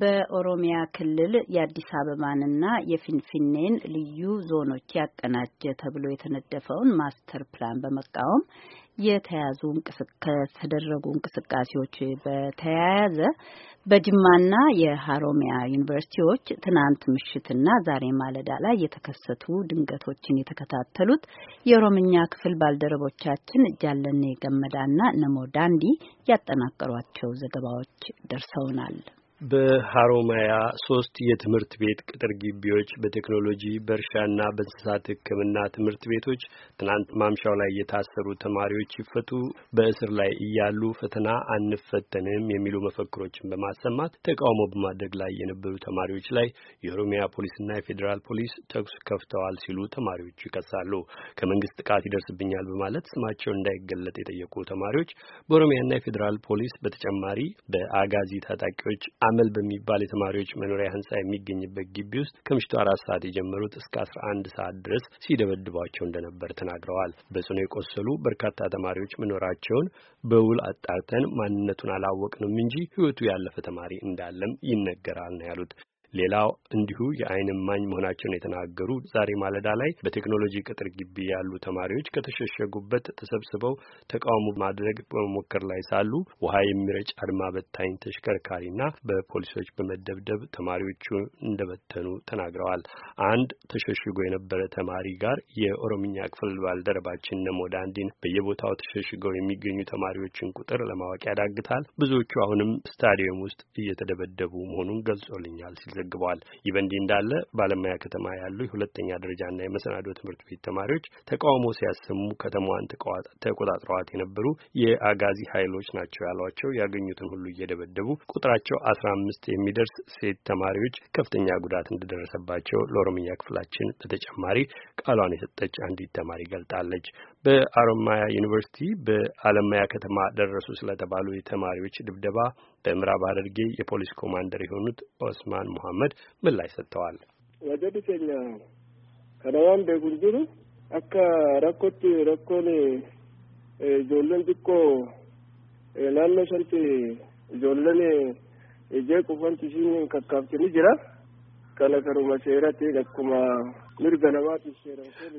በኦሮሚያ ክልል የአዲስ አበባንና የፊንፊኔን ልዩ ዞኖች ያቀናጀ ተብሎ የተነደፈውን ማስተር ፕላን በመቃወም የተያዙ ከተደረጉ እንቅስቃሴዎች በተያያዘ በጅማና የሀሮሚያ ዩኒቨርሲቲዎች ትናንት ምሽትና ዛሬ ማለዳ ላይ የተከሰቱ ድንገቶችን የተከታተሉት የኦሮምኛ ክፍል ባልደረቦቻችን ጃለኔ ገመዳና ነሞ ዳንዲ ያጠናቀሯቸው ዘገባዎች ደርሰውናል። በሀሮማያ ሶስት የትምህርት ቤት ቅጥር ግቢዎች በቴክኖሎጂ በእርሻና በእንስሳት ሕክምና ትምህርት ቤቶች ትናንት ማምሻው ላይ የታሰሩ ተማሪዎች ይፈቱ፣ በእስር ላይ እያሉ ፈተና አንፈተንም የሚሉ መፈክሮችን በማሰማት ተቃውሞ በማድረግ ላይ የነበሩ ተማሪዎች ላይ የኦሮሚያ ፖሊስና የፌዴራል ፖሊስ ተኩስ ከፍተዋል ሲሉ ተማሪዎቹ ይከሳሉ። ከመንግስት ጥቃት ይደርስብኛል በማለት ስማቸው እንዳይገለጥ የጠየቁ ተማሪዎች በኦሮሚያና የፌዴራል ፖሊስ በተጨማሪ በአጋዚ ታጣቂዎች አመል በሚባል የተማሪዎች መኖሪያ ህንጻ የሚገኝበት ግቢ ውስጥ ከምሽቱ አራት ሰዓት የጀመሩት እስከ አስራ አንድ ሰዓት ድረስ ሲደበድቧቸው እንደነበር ተናግረዋል። በጽኑ የቆሰሉ በርካታ ተማሪዎች መኖራቸውን በውል አጣርተን ማንነቱን አላወቅንም እንጂ ህይወቱ ያለፈ ተማሪ እንዳለም ይነገራል ነው ያሉት። ሌላው እንዲሁ የአይን እማኝ መሆናቸውን የተናገሩ ዛሬ ማለዳ ላይ በቴክኖሎጂ ቅጥር ግቢ ያሉ ተማሪዎች ከተሸሸጉበት ተሰብስበው ተቃውሞ ማድረግ በመሞከር ላይ ሳሉ ውሃ የሚረጭ አድማ በታኝ ተሽከርካሪና በፖሊሶች በመደብደብ ተማሪዎቹ እንደበተኑ ተናግረዋል። አንድ ተሸሽጎ የነበረ ተማሪ ጋር የኦሮምኛ ክፍል ባልደረባችን ነሞዳ እንዲን በየቦታው ተሸሽገው የሚገኙ ተማሪዎችን ቁጥር ለማወቅ ያዳግታል። ብዙዎቹ አሁንም ስታዲየም ውስጥ እየተደበደቡ መሆኑን ገልጾልኛል ሲል ዘግበዋል። ይህ በእንዲህ እንዳለ ባለሙያ ከተማ ያሉ የሁለተኛ ደረጃና የመሰናዶ ትምህርት ቤት ተማሪዎች ተቃውሞ ሲያሰሙ ከተማዋን ተቆጣጥረዋት የነበሩ የአጋዚ ኃይሎች ናቸው ያሏቸው ያገኙትን ሁሉ እየደበደቡ ቁጥራቸው አስራ አምስት የሚደርስ ሴት ተማሪዎች ከፍተኛ ጉዳት እንደደረሰባቸው ለኦሮምኛ ክፍላችን በተጨማሪ ቃሏን የሰጠች አንዲት ተማሪ ገልጣለች። በአሮማያ ዩኒቨርሲቲ በአለማያ ከተማ ደረሱ ስለተባሉ የተማሪዎች ድብደባ በምዕራብ ሐረርጌ የፖሊስ ኮማንደር የሆኑት ኦስማን ሙሐመድ ምላሽ ሰጥተዋል። ወደድተኛ ከነዋን ቤጉንጅሩ አከ ረኮት ረኮን ጆለን ዲኮ ናኖ ሸንቲ ጆለን እጄ ቁፈንት ሽን ከካብትኒ ጅራ ከነከሩማ ሴረት ለኩማ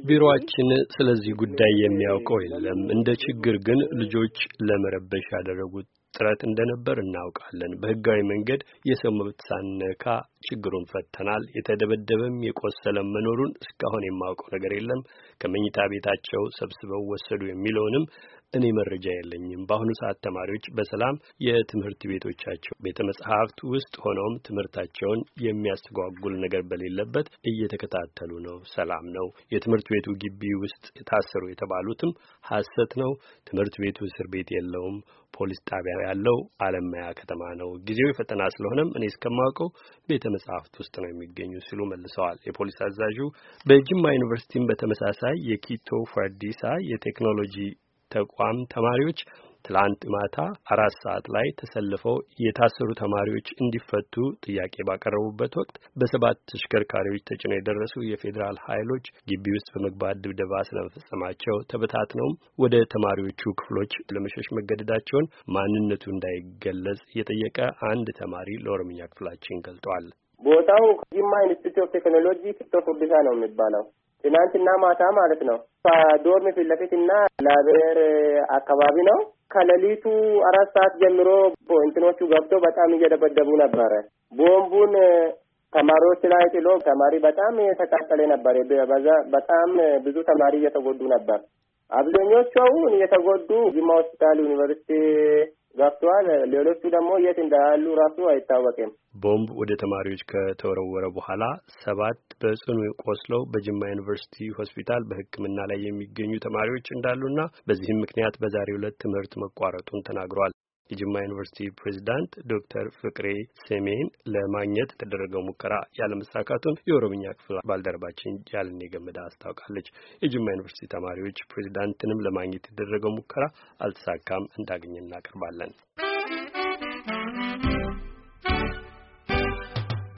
ቢሮአችን ስለዚህ ጉዳይ የሚያውቀው የለም። እንደ ችግር ግን ልጆች ለመረበሽ ያደረጉት ጥረት እንደነበር እናውቃለን። በህጋዊ መንገድ የሰው መብት ሳነካ ችግሩን ፈተናል። የተደበደበም የቆሰለም መኖሩን እስካሁን የማውቀው ነገር የለም። ከመኝታ ቤታቸው ሰብስበው ወሰዱ የሚለውንም እኔ መረጃ የለኝም። በአሁኑ ሰዓት ተማሪዎች በሰላም የትምህርት ቤቶቻቸው ቤተ መጽሐፍት ውስጥ ሆነውም ትምህርታቸውን የሚያስተጓጉል ነገር በሌለበት እየተከታተሉ ነው። ነው፣ ሰላም ነው። የትምህርት ቤቱ ግቢ ውስጥ የታሰሩ የተባሉትም ሐሰት ነው፣ ትምህርት ቤቱ እስር ቤት የለውም፣ ፖሊስ ጣቢያ ያለው አለማያ ከተማ ነው፣ ጊዜው ፈተና ስለሆነም እኔ እስከማውቀው ቤተ መጻሕፍት ውስጥ ነው የሚገኙ ሲሉ መልሰዋል። የፖሊስ አዛዡ በጅማ ዩኒቨርሲቲም በተመሳሳይ የኪቶ ፈርዲሳ የቴክኖሎጂ ተቋም ተማሪዎች ትላንት ማታ አራት ሰዓት ላይ ተሰልፈው የታሰሩ ተማሪዎች እንዲፈቱ ጥያቄ ባቀረቡበት ወቅት በሰባት ተሽከርካሪዎች ተጭነው የደረሱ የፌዴራል ኃይሎች ግቢ ውስጥ በመግባት ድብደባ ስለመፈጸማቸው ተበታትነውም ወደ ተማሪዎቹ ክፍሎች ለመሸሽ መገደዳቸውን ማንነቱ እንዳይገለጽ የጠየቀ አንድ ተማሪ ለኦሮምኛ ክፍላችን ገልጧል። ቦታው ጂማ ኢንስቲትዩት ኦፍ ቴክኖሎጂ ኪቶ ፉርዲሳ ነው የሚባለው። ትናንትና ማታ ማለት ነው። ከዶርም ፊት ለፊት እና ላብሬር አካባቢ ነው። ከሌሊቱ አራት ሰዓት ጀምሮ እንትኖቹ ገብተው በጣም እየደበደቡ ነበረ። ቦምቡን ተማሪዎች ላይ ጥሎ ተማሪ በጣም የተቃጠለ ነበር። በዛ በጣም ብዙ ተማሪ እየተጎዱ ነበር። አብዛኞቹ አሁን እየተጎዱ ጅማ ሆስፒታል ዩኒቨርሲቲ ገብተዋል። ሌሎቹ ደግሞ የት እንዳሉ ራሱ አይታወቅም። ቦምብ ወደ ተማሪዎች ከተወረወረ በኋላ ሰባት በጽኑ ቆስለው በጅማ ዩኒቨርሲቲ ሆስፒታል በሕክምና ላይ የሚገኙ ተማሪዎች እንዳሉና በዚህም ምክንያት በዛሬው ዕለት ትምህርት መቋረጡን ተናግሯል። የጅማ ዩኒቨርሲቲ ፕሬዚዳንት ዶክተር ፍቅሬ ሴሜን ለማግኘት የተደረገው ሙከራ ያለመሳካቱን የኦሮምኛ ክፍል ባልደረባችን ያልን ገመዳ አስታውቃለች። የጅማ ዩኒቨርሲቲ ተማሪዎች ፕሬዚዳንትንም ለማግኘት የተደረገው ሙከራ አልተሳካም። እንዳገኘ እናቀርባለን።